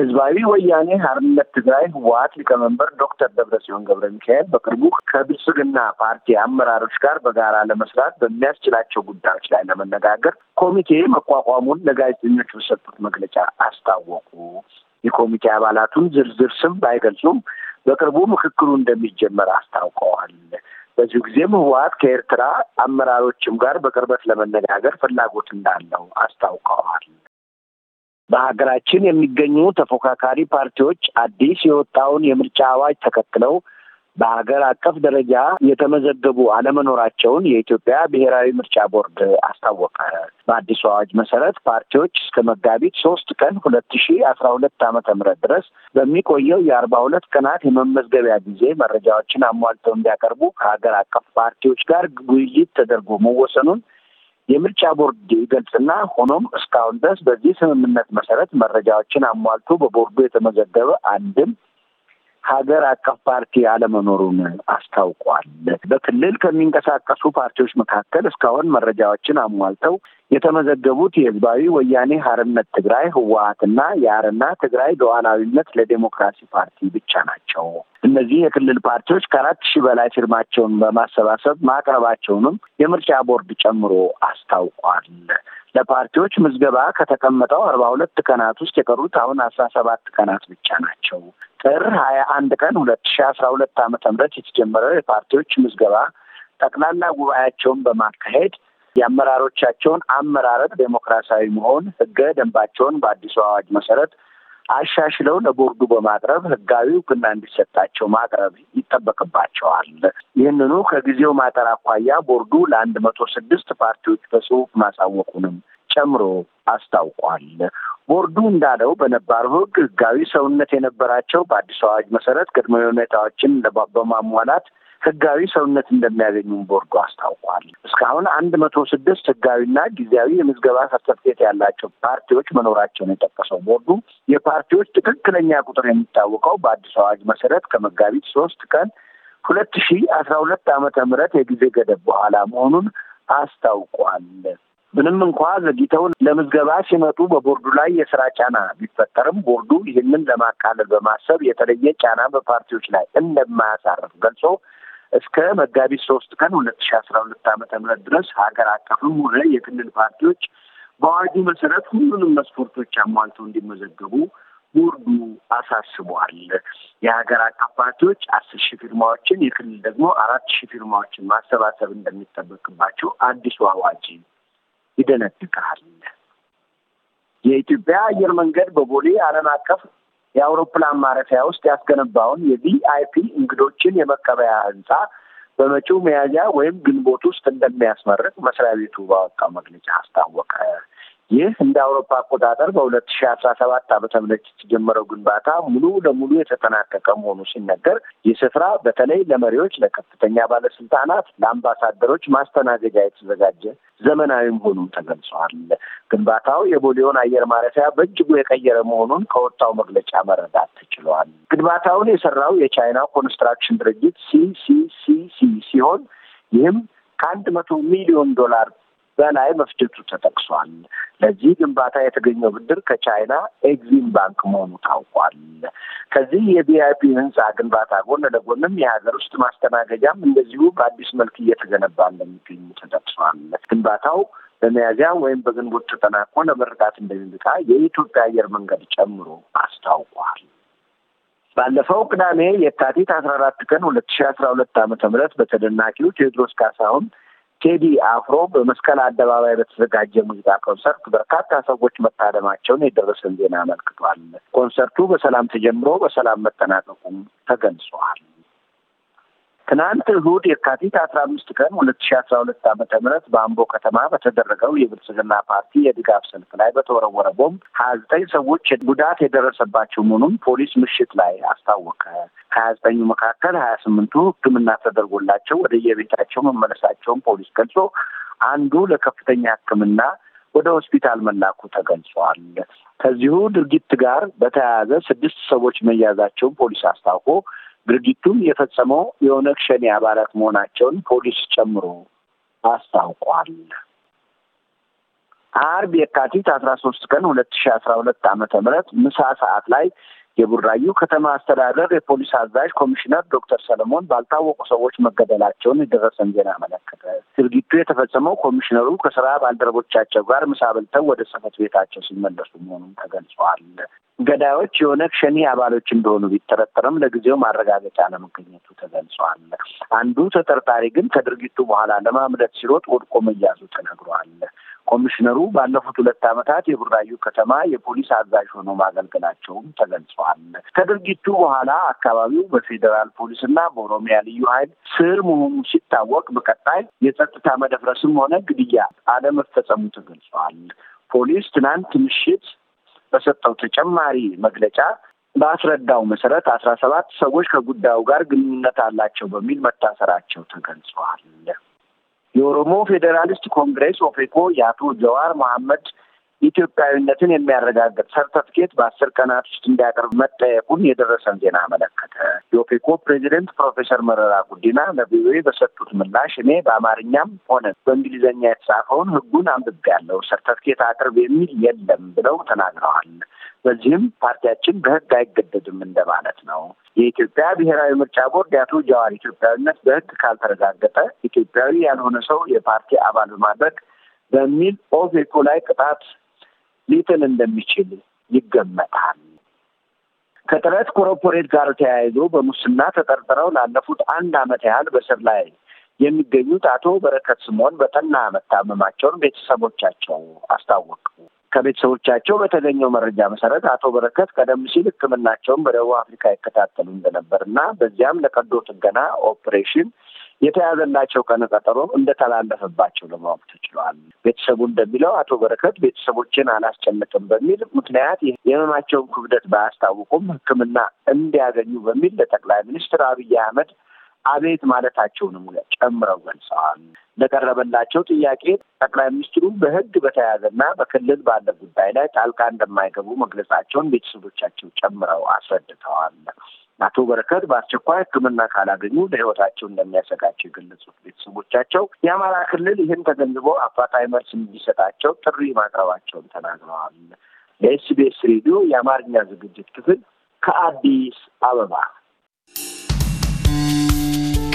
የህዝባዊ ወያኔ ሀርነት ትግራይ ህወሀት ሊቀመንበር ዶክተር ደብረጽዮን ገብረ ሚካኤል በቅርቡ ከብልጽግና ፓርቲ አመራሮች ጋር በጋራ ለመስራት በሚያስችላቸው ጉዳዮች ላይ ለመነጋገር ኮሚቴ መቋቋሙን ለጋዜጠኞች በሰጡት መግለጫ አስታወቁ። የኮሚቴ አባላቱን ዝርዝር ስም ባይገልጹም በቅርቡ ምክክሉ እንደሚጀመር አስታውቀዋል። በዚሁ ጊዜም ህወሀት ከኤርትራ አመራሮችም ጋር በቅርበት ለመነጋገር ፍላጎት እንዳለው አስታውቀዋል። በሀገራችን የሚገኙ ተፎካካሪ ፓርቲዎች አዲስ የወጣውን የምርጫ አዋጅ ተከትለው በሀገር አቀፍ ደረጃ የተመዘገቡ አለመኖራቸውን የኢትዮጵያ ብሔራዊ ምርጫ ቦርድ አስታወቀ። በአዲሱ አዋጅ መሰረት ፓርቲዎች እስከ መጋቢት ሶስት ቀን ሁለት ሺ አስራ ሁለት ዓመተ ምህረት ድረስ በሚቆየው የአርባ ሁለት ቀናት የመመዝገቢያ ጊዜ መረጃዎችን አሟልተው እንዲያቀርቡ ከሀገር አቀፍ ፓርቲዎች ጋር ውይይት ተደርጎ መወሰኑን የምርጫ ቦርድ ይገልጽና ሆኖም እስካሁን ድረስ በዚህ ስምምነት መሰረት መረጃዎችን አሟልቶ በቦርዱ የተመዘገበ አንድም ሀገር አቀፍ ፓርቲ አለመኖሩን አስታውቋል። በክልል ከሚንቀሳቀሱ ፓርቲዎች መካከል እስካሁን መረጃዎችን አሟልተው የተመዘገቡት የህዝባዊ ወያኔ ሀርነት ትግራይ ህወሀትና የአረና ትግራይ ሉዓላዊነት ለዴሞክራሲ ፓርቲ ብቻ ናቸው። እነዚህ የክልል ፓርቲዎች ከአራት ሺህ በላይ ፊርማቸውን በማሰባሰብ ማቅረባቸውንም የምርጫ ቦርድ ጨምሮ አስታውቋል። ለፓርቲዎች ምዝገባ ከተቀመጠው አርባ ሁለት ቀናት ውስጥ የቀሩት አሁን አስራ ሰባት ቀናት ብቻ ናቸው። ጥር ሀያ አንድ ቀን ሁለት ሺ አስራ ሁለት ዓመተ ምህረት የተጀመረው የፓርቲዎች ምዝገባ ጠቅላላ ጉባኤያቸውን በማካሄድ የአመራሮቻቸውን አመራረጥ ዴሞክራሲያዊ መሆን ህገ ደንባቸውን በአዲሱ አዋጅ መሰረት አሻሽለው ለቦርዱ በማቅረብ ህጋዊ እውቅና እንዲሰጣቸው ማቅረብ ይጠበቅባቸዋል። ይህንኑ ከጊዜው ማጠር አኳያ ቦርዱ ለአንድ መቶ ስድስት ፓርቲዎች በጽሁፍ ማሳወቁንም ጨምሮ አስታውቋል። ቦርዱ እንዳለው በነባሩ ህግ ህጋዊ ሰውነት የነበራቸው በአዲስ አዋጅ መሰረት ቅድመ ሁኔታዎችን በማሟላት ህጋዊ ሰውነት እንደሚያገኙም ቦርዱ አስታውቋል። እስካሁን አንድ መቶ ስድስት ህጋዊና ጊዜያዊ የምዝገባ ሰርተፍኬት ያላቸው ፓርቲዎች መኖራቸውን የጠቀሰው ቦርዱ የፓርቲዎች ትክክለኛ ቁጥር የሚታወቀው በአዲስ አዋጅ መሰረት ከመጋቢት ሶስት ቀን ሁለት ሺ አስራ ሁለት ዓመተ ምህረት የጊዜ ገደብ በኋላ መሆኑን አስታውቋል። ምንም እንኳ ዘግይተው ለምዝገባ ሲመጡ በቦርዱ ላይ የስራ ጫና ቢፈጠርም ቦርዱ ይህንን ለማቃለል በማሰብ የተለየ ጫና በፓርቲዎች ላይ እንደማያሳርፍ ገልጾ እስከ መጋቢት ሶስት ቀን ሁለት ሺ አስራ ሁለት አመተ ምህረት ድረስ ሀገር አቀፍም ሆነ የክልል ፓርቲዎች በአዋጁ መሰረት ሁሉንም መስፈርቶች አሟልተው እንዲመዘገቡ ቦርዱ አሳስቧል። የሀገር አቀፍ ፓርቲዎች አስር ሺህ ፊርማዎችን የክልል ደግሞ አራት ሺህ ፊርማዎችን ማሰባሰብ እንደሚጠበቅባቸው አዲሱ አዋጅ ይደነግጋል። የኢትዮጵያ አየር መንገድ በቦሌ ዓለም አቀፍ የአውሮፕላን ማረፊያ ውስጥ ያስገነባውን የቪአይፒ እንግዶችን የመቀበያ ህንፃ በመጪው መያዣ ወይም ግንቦት ውስጥ እንደሚያስመርቅ መስሪያ ቤቱ ባወጣው መግለጫ አስታወቀ። ይህ እንደ አውሮፓ አቆጣጠር በሁለት ሺ አስራ ሰባት አመተ ምህረት የተጀመረው ግንባታ ሙሉ ለሙሉ የተጠናቀቀ መሆኑ ሲነገር ይህ ስፍራ በተለይ ለመሪዎች፣ ለከፍተኛ ባለስልጣናት፣ ለአምባሳደሮች ማስተናገጃ የተዘጋጀ ዘመናዊ መሆኑን ተገልጸዋል። ግንባታው የቦሌውን አየር ማረፊያ በእጅጉ የቀየረ መሆኑን ከወጣው መግለጫ መረዳት ተችሏል። ግንባታውን የሰራው የቻይና ኮንስትራክሽን ድርጅት ሲሲሲሲ ሲሆን ይህም ከአንድ መቶ ሚሊዮን ዶላር በላይ መፍጀቱ ተጠቅሷል። ለዚህ ግንባታ የተገኘው ብድር ከቻይና ኤግዚም ባንክ መሆኑ ታውቋል። ከዚህ የቪአይፒ ህንፃ ግንባታ ጎን ለጎንም የሀገር ውስጥ ማስተናገጃም እንደዚሁ በአዲስ መልክ እየተገነባ እንደሚገኙ ተጠቅሷል። ግንባታው በሚያዝያ ወይም በግንቦት ተጠናቆ ለመርዳት እንደሚበቃ የኢትዮጵያ አየር መንገድ ጨምሮ አስታውቋል። ባለፈው ቅዳሜ የካቲት አስራ አራት ቀን ሁለት ሺ አስራ ሁለት ዓመተ ምህረት በተደናቂው ቴዎድሮስ ካሳሁን ቴዲ አፍሮ በመስቀል አደባባይ በተዘጋጀ ሙዚቃ ኮንሰርት በርካታ ሰዎች መታደማቸውን የደረሰን ዜና አመልክቷል። ኮንሰርቱ በሰላም ተጀምሮ በሰላም መጠናቀቁም ተገልጿል። ትናንት እሁድ የካቲት አስራ አምስት ቀን ሁለት ሺ አስራ ሁለት ዓመተ ምህረት በአምቦ ከተማ በተደረገው የብልጽግና ፓርቲ የድጋፍ ሰልፍ ላይ በተወረወረ ቦምብ ሀያ ዘጠኝ ሰዎች ጉዳት የደረሰባቸው መሆኑን ፖሊስ ምሽት ላይ አስታወቀ። ሀያ ዘጠኙ መካከል ሀያ ስምንቱ ሕክምና ተደርጎላቸው ወደ የቤታቸው መመለሳቸውን ፖሊስ ገልጾ አንዱ ለከፍተኛ ሕክምና ወደ ሆስፒታል መላኩ ተገልጿል። ከዚሁ ድርጊት ጋር በተያያዘ ስድስት ሰዎች መያዛቸውን ፖሊስ አስታውቆ ድርጊቱን የፈጸመው የኦነግ ሸኔ አባላት መሆናቸውን ፖሊስ ጨምሮ አስታውቋል። አርብ የካቲት አስራ ሶስት ቀን ሁለት ሺ አስራ ሁለት ዓመተ ምህረት ምሳ ሰዓት ላይ የቡራዩ ከተማ አስተዳደር የፖሊስ አዛዥ ኮሚሽነር ዶክተር ሰለሞን ባልታወቁ ሰዎች መገደላቸውን የደረሰን ዜና አመለከተ። ድርጊቱ የተፈጸመው ኮሚሽነሩ ከስራ ባልደረቦቻቸው ጋር ምሳ በልተው ወደ ጽፈት ቤታቸው ሲመለሱ መሆኑን ተገልጿል። ገዳዮች የኦነግ ሸኔ አባሎች እንደሆኑ ቢጠረጠርም ለጊዜው ማረጋገጫ ለመገኘቱ ተገልጿል። አንዱ ተጠርጣሪ ግን ከድርጊቱ በኋላ ለማምለጥ ሲሮጥ ወድቆ መያዙ ተነግሯል። ኮሚሽነሩ ባለፉት ሁለት ዓመታት የቡራዩ ከተማ የፖሊስ አዛዥ ሆነው ማገልገላቸውም ተገልጿል። ከድርጊቱ በኋላ አካባቢው በፌዴራል ፖሊስና በኦሮሚያ ልዩ ኃይል ስር መሆኑ ሲታወቅ በቀጣይ የጸጥታ መደፍረስም ሆነ ግድያ አለመፈጸሙ ተገልጿል። ፖሊስ ትናንት ምሽት በሰጠው ተጨማሪ መግለጫ በአስረዳው መሰረት አስራ ሰባት ሰዎች ከጉዳዩ ጋር ግንኙነት አላቸው በሚል መታሰራቸው ተገልጿል። የኦሮሞ ፌዴራሊስት ኮንግሬስ ኦፌኮ የአቶ ጀዋር መሐመድ ኢትዮጵያዊነትን የሚያረጋግጥ ሰርተፍኬት በአስር ቀናት ውስጥ እንዲያቀርብ መጠየቁን የደረሰን ዜና አመለከተ። የኦፌኮ ፕሬዚደንት ፕሮፌሰር መረራ ጉዲና ለቪኦኤ በሰጡት ምላሽ እኔ በአማርኛም ሆነ በእንግሊዝኛ የተጻፈውን ሕጉን አንብቤያለሁ፣ ሰርተፍኬት አቅርብ የሚል የለም ብለው ተናግረዋል። በዚህም ፓርቲያችን በህግ አይገደድም እንደማለት ነው። የኢትዮጵያ ብሔራዊ ምርጫ ቦርድ የአቶ ጀዋር ኢትዮጵያዊነት በህግ ካልተረጋገጠ ኢትዮጵያዊ ያልሆነ ሰው የፓርቲ አባል በማድረግ በሚል ኦፌኮ ላይ ቅጣት ሊጥል እንደሚችል ይገመታል። ከጥረት ኮርፖሬት ጋር ተያይዞ በሙስና ተጠርጥረው ላለፉት አንድ ዓመት ያህል በስር ላይ የሚገኙት አቶ በረከት ስምኦን በጠና መታመማቸውን ቤተሰቦቻቸው አስታወቁ። ከቤተሰቦቻቸው በተገኘው መረጃ መሰረት አቶ በረከት ቀደም ሲል ሕክምናቸውን በደቡብ አፍሪካ ይከታተሉ እንደነበር እና በዚያም ለቀዶ ጥገና ኦፕሬሽን የተያዘላቸው ቀነ ቀጠሮ እንደተላለፈባቸው ለማወቅ ተችሏል። ቤተሰቡ እንደሚለው አቶ በረከት ቤተሰቦችን አላስጨንቅም በሚል ምክንያት የህመማቸውን ክብደት ባያስታውቁም ህክምና እንዲያገኙ በሚል ለጠቅላይ ሚኒስትር አብይ አህመድ አቤት ማለታቸውንም ጨምረው ገልጸዋል። ለቀረበላቸው ጥያቄ ጠቅላይ ሚኒስትሩ በሕግ በተያያዘና በክልል ባለ ጉዳይ ላይ ጣልቃ እንደማይገቡ መግለጻቸውን ቤተሰቦቻቸው ጨምረው አስረድተዋል። አቶ በረከት በአስቸኳይ ሕክምና ካላገኙ ለሕይወታቸው እንደሚያሰጋቸው የገለጹት ቤተሰቦቻቸው የአማራ ክልል ይህን ተገንዝቦ አፋጣኝ መልስ እንዲሰጣቸው ጥሪ ማቅረባቸውን ተናግረዋል። ለኤስቢኤስ ሬዲዮ የአማርኛ ዝግጅት ክፍል ከአዲስ አበባ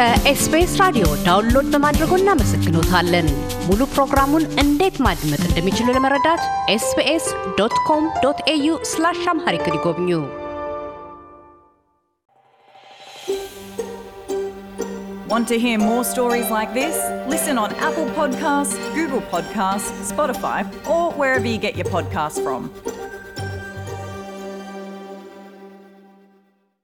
ከኤስቢኤስ ራዲዮ ዳውንሎድ በማድረጎ እናመሰግኖታለን። ሙሉ ፕሮግራሙን እንዴት ማድመጥ እንደሚችሉ ለመረዳት ኤስቢኤስ ዶት ኮም ዶት ኤዩ ስላሽ አምሃሪክ ይጎብኙ። Want to hear more stories like this? Listen on Apple Podcasts, Google Podcasts, Spotify, or wherever you get your podcasts from.